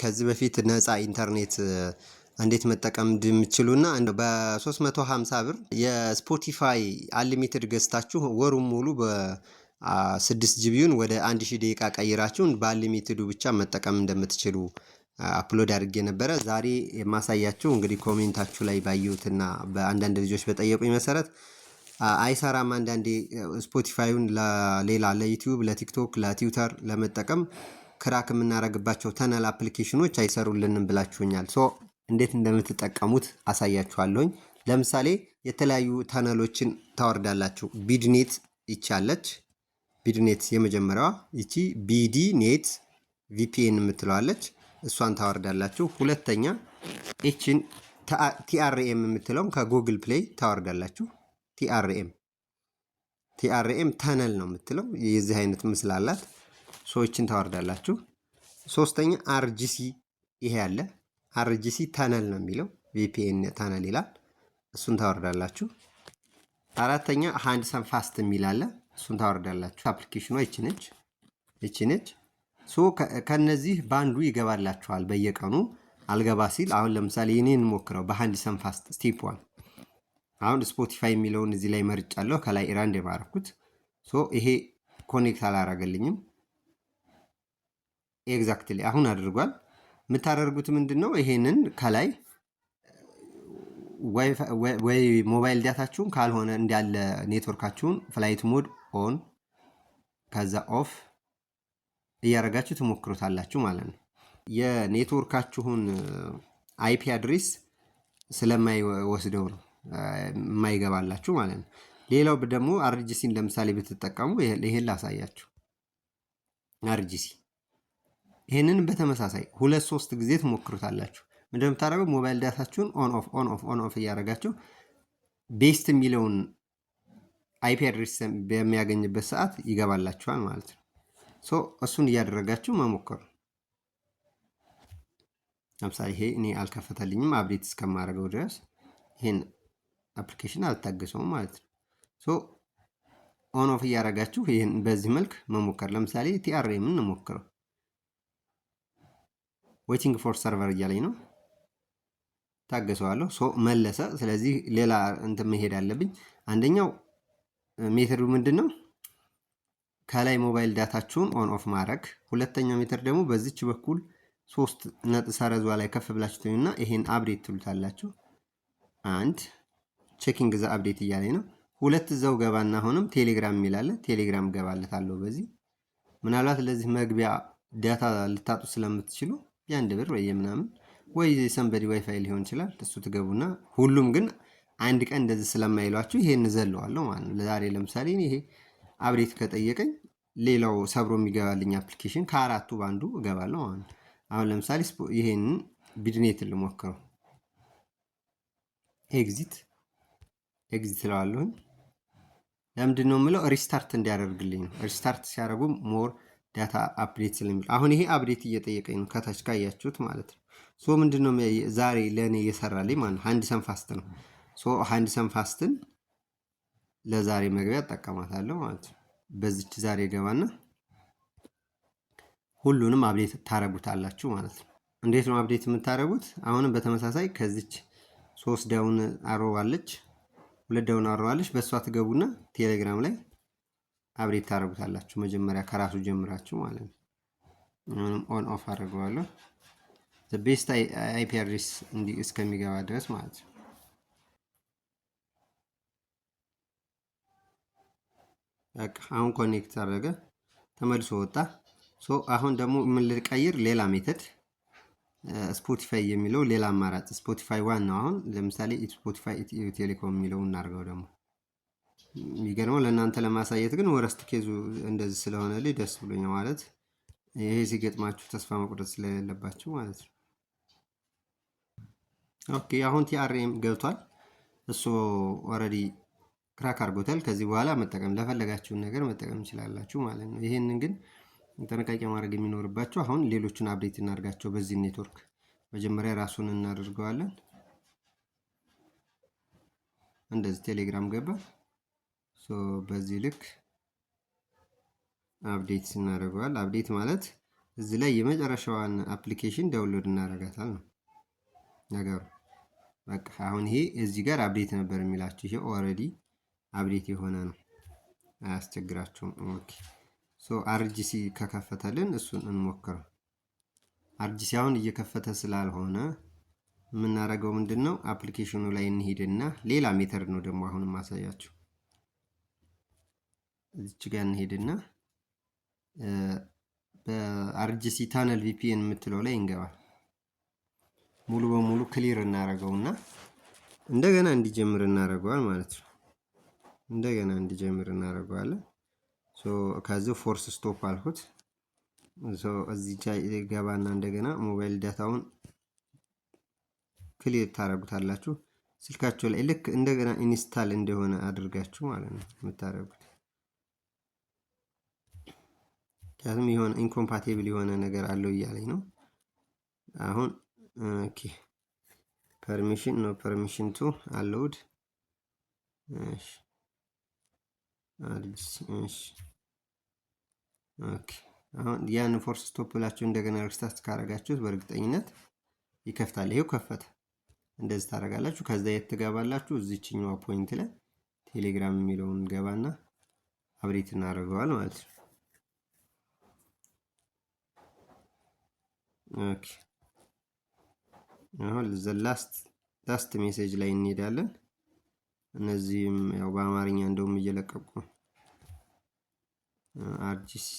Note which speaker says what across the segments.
Speaker 1: ከዚህ በፊት ነፃ ኢንተርኔት እንዴት መጠቀም እንደምትችሉና በ350 ብር የስፖቲፋይ አንሊሚትድ ገዝታችሁ ወሩን ሙሉ በ6 ጂቢውን ወደ 1000 ደቂቃ ቀይራችሁን በአንሊሚትዱ ብቻ መጠቀም እንደምትችሉ አፕሎድ አድርጌ ነበረ። ዛሬ የማሳያችሁ እንግዲህ ኮሜንታችሁ ላይ ባየሁትና በአንዳንድ ልጆች በጠየቁኝ መሰረት አይሰራም አንዳንዴ ስፖቲፋዩን ለሌላ ለዩቲዩብ፣ ለቲክቶክ፣ ለትዊተር ለመጠቀም ክራክ የምናደርግባቸው ተነል አፕሊኬሽኖች አይሰሩልንም ብላችሁኛል። ሶ እንዴት እንደምትጠቀሙት አሳያችኋለሁኝ። ለምሳሌ የተለያዩ ተነሎችን ታወርዳላችሁ። ቢድኔት ይቻለች። ቢድኔት የመጀመሪያዋ ይቺ ቢዲኔት ቪፒኤን የምትለዋለች። እሷን ታወርዳላችሁ። ሁለተኛ ይችን ቲአርኤም የምትለውም ከጉግል ፕሌይ ታወርዳላችሁ። ቲአርኤም ቲአርኤም ተነል ነው የምትለው የዚህ አይነት ምስል አላት። ሰዎችን ታወርዳላችሁ። ሶስተኛ አርጂሲ ይሄ ያለ አርጂሲ ተነል ነው የሚለው ቪፒኤን ተነል ይላል። እሱን ታወርዳላችሁ። አራተኛ ሃንድሰን ፋስት የሚል አለ። እሱን ታወርዳላችሁ። አፕሊኬሽኗ ይቺ ነች ይቺ ነች። ሶ ከነዚህ በአንዱ ይገባላችኋል በየቀኑ አልገባ ሲል አሁን ለምሳሌ የኔን ሞክረው በሃንድሰን ፋስት ስቴፕ ዋን አሁን ስፖቲፋይ የሚለውን እዚህ ላይ መርጫለሁ። ከላይ ኢራንድ የማረኩት ሶ ይሄ ኮኔክት አላረገልኝም። ኤግዛክትሊ አሁን አድርጓል። የምታደርጉት ምንድን ነው? ይሄንን ከላይ ወይ ሞባይል ዳታችሁን ካልሆነ እንዳለ ኔትወርካችሁን ፍላይት ሞድ ኦን ከዛ ኦፍ እያደረጋችሁ ትሞክሩታላችሁ ማለት ነው። የኔትወርካችሁን አይፒ አድሬስ ስለማይወስደው ነው የማይገባላችሁ ማለት ነው። ሌላው ደግሞ አርጂሲን ለምሳሌ ብትጠቀሙ ይሄን ላሳያችሁ አርጂሲ ይህንን በተመሳሳይ ሁለት ሶስት ጊዜ ትሞክሩታላችሁ። እንደምታደርገው ሞባይል ዳታችሁን ኦን ኦፍ ኦን ኦፍ ኦን ኦፍ እያደረጋችሁ ቤስት የሚለውን አይፒ አድሬስ በሚያገኝበት ሰዓት ይገባላችኋል ማለት ነው። እሱን እያደረጋችሁ መሞከሩ ለምሳሌ ይሄ እኔ አልከፈተልኝም። አብዴት እስከማደርገው ድረስ ይህን አፕሊኬሽን አልታገሰውም ማለት ነው። ሶ ኦን ኦፍ እያደረጋችሁ ይህን በዚህ መልክ መሞከር ለምሳሌ ቲአርኤምን እንሞክረው ዌቲንግ ፎር ሰርቨር እያለኝ ነው። ታገሰዋለሁ። ሶ መለሰ። ስለዚህ ሌላ እንትን መሄድ አለብኝ። አንደኛው ሜተዱ ምንድን ነው? ከላይ ሞባይል ዳታችሁን ኦን ኦፍ ማድረግ። ሁለተኛው ሜተድ ደግሞ በዚች በኩል ሶስት ነጥብ ሰረዟ ላይ ከፍ ብላችሁ ትኙና ይሄን አብዴት ትሉታላችሁ። አንድ ቼኪንግ ዘ አብዴት እያለኝ ነው። ሁለት እዛው ገባና አሁንም ቴሌግራም የሚላለ ቴሌግራም ገባለታለሁ። በዚህ ምናልባት ለዚህ መግቢያ ዳታ ልታጡ ስለምትችሉ የአንድ ብር ወይ የምናምን ወይ የሰንበዲ ዋይፋይ ሊሆን ይችላል። እሱ ትገቡና ሁሉም ግን አንድ ቀን እንደዚህ ስለማይሏችሁ ይሄን ዘለዋለሁ ማለት ነው። ለዛሬ ለምሳሌ ይሄ አብዴት ከጠየቀኝ ሌላው ሰብሮ የሚገባልኝ አፕሊኬሽን ከአራቱ በአንዱ እገባለሁ ማለት ነው። አሁን ለምሳሌ ይሄን ቢድኔትን ልሞክረው። ኤግዚት ኤግዚት እለዋለሁኝ። ለምንድን ነው የምለው? ሪስታርት እንዲያደርግልኝ ነው። ሪስታርት ሲያደርጉ ሞር ዳታ አፕዴት ስለሚል አሁን ይሄ አፕዴት እየጠየቀኝ ነው። ከታች ካያችሁት ማለት ነው። ሶ ምንድነው ነው ዛሬ ለእኔ እየሰራልኝ ማለት ነው። ሀንድ ሰንፋስት ነው። ሶ ሰንፋስትን ለዛሬ መግቢያ እጠቀማታለሁ ማለት ነው። በዚች ዛሬ ገባና ሁሉንም አብዴት ታረጉታላችሁ ማለት ነው። እንዴት ነው አብዴት የምታደረጉት? አሁንም በተመሳሳይ ከዚች ሶስት ደውን አሮባለች ሁለት ደውን አሮባለች በእሷ ትገቡና ቴሌግራም ላይ አብዴት ታደርጉታላችሁ። መጀመሪያ ከራሱ ጀምራችሁ ማለት ነው። ምንም ኦን ኦፍ አድርገዋለሁ ቤስት አይፒ አድሬስ እስከሚገባ ድረስ ማለት ነው። አሁን ኮኔክት አደረገ፣ ተመልሶ ወጣ። ሶ አሁን ደግሞ ምን ልቀይር? ሌላ ሜተድ ስፖቲፋይ የሚለው ሌላ አማራጭ ስፖቲፋይ ዋን ነው። አሁን ለምሳሌ ስፖቲፋይ ኢትዮ ቴሌኮም የሚለው እናድርገው ደግሞ የሚገርመው ለእናንተ ለማሳየት ግን ወረስት ኬዙ እንደዚህ ስለሆነ ደስ ብሎኛ ማለት ይሄ ሲገጥማችሁ ተስፋ መቁረጥ ስለሌለባችሁ ማለት ነው። ኦኬ አሁን ቲአርኤም ገብቷል። እሱ ኦልሬዲ ክራክ አድርጎታል። ከዚህ በኋላ መጠቀም ለፈለጋችሁን ነገር መጠቀም ይችላላችሁ ማለት ነው። ይህንን ግን ጥንቃቄ ማድረግ የሚኖርባቸው አሁን ሌሎቹን አብዴት እናድርጋቸው። በዚህ ኔትወርክ መጀመሪያ ራሱን እናደርገዋለን። እንደዚህ ቴሌግራም ገባ። ሶ በዚህ ልክ አፕዴት እናደርገዋል። አፕዴት ማለት እዚህ ላይ የመጨረሻዋን አፕሊኬሽን ዳውንሎድ እናደርጋታል ነው ነገሩ። በቃ አሁን ይሄ እዚህ ጋር አፕዴት ነበር የሚላችሁ ይሄ ኦልሬዲ አፕዴት የሆነ ነው፣ አያስቸግራችሁም። ኦኬ ሶ አርጂሲ ከከፈተልን እሱን እንሞክረው። አርጂሲ አሁን እየከፈተ ስላልሆነ የምናደርገው ምንድን ነው አፕሊኬሽኑ ላይ እንሂድና ሌላ ሜተር ነው ደግሞ አሁን የማሳያችሁ እዚች ጋር እንሄድና በአርጂሲ ታነል ቪፒኤን የምትለው ላይ እንገባ። ሙሉ በሙሉ ክሊር እናደርገውና እንደገና እንዲጀምር እናደርገዋል ማለት ነው። እንደገና እንዲጀምር እናደርገዋለን። ከዚህ ፎርስ ስቶፕ አልኩት። እዚህ ገባና እንደገና ሞባይል ዳታውን ክሊር ታደርጉታላችሁ። ስልካቸው ላይ ልክ እንደገና ኢንስታል እንደሆነ አድርጋችሁ ማለት ነው የምታደርጉት ምክንያቱም የሆነ ኢንኮምፓቴብል የሆነ ነገር አለው እያለኝ ነው። አሁን ኦኬ ፐርሚሽን ነው ፐርሚሽን ቱ አለውድ አሁን ያን ፎርስ ስቶፕ ብላችሁ እንደገና ሪስታርት ካረጋችሁት በእርግጠኝነት ይከፍታል። ይሄው ከፈተ። እንደዚህ ታረጋላችሁ። ከዛ የት ትገባላችሁ? እዚችኛዋ ፖይንት ላይ ቴሌግራም የሚለውን ገባና አብሬት እናደርገዋል ማለት ነው። ኦኬ አሁን ላስት ላስት ሜሴጅ ላይ እንሄዳለን። እነዚህም ያው በአማርኛ እንደውም እየለቀቁ አርጂሲ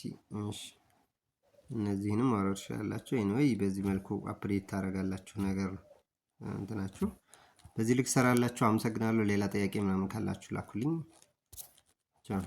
Speaker 1: እነዚህንም ማውረድ ትችላላችሁ። በዚህ መልኩ አፕዴት ታደርጋላችሁ ነገር እንትናችሁ በዚህ ልክ ሰራላችሁ። አመሰግናለሁ። ሌላ ጥያቄ ምናምን ካላችሁ ላኩልኝ። ቻው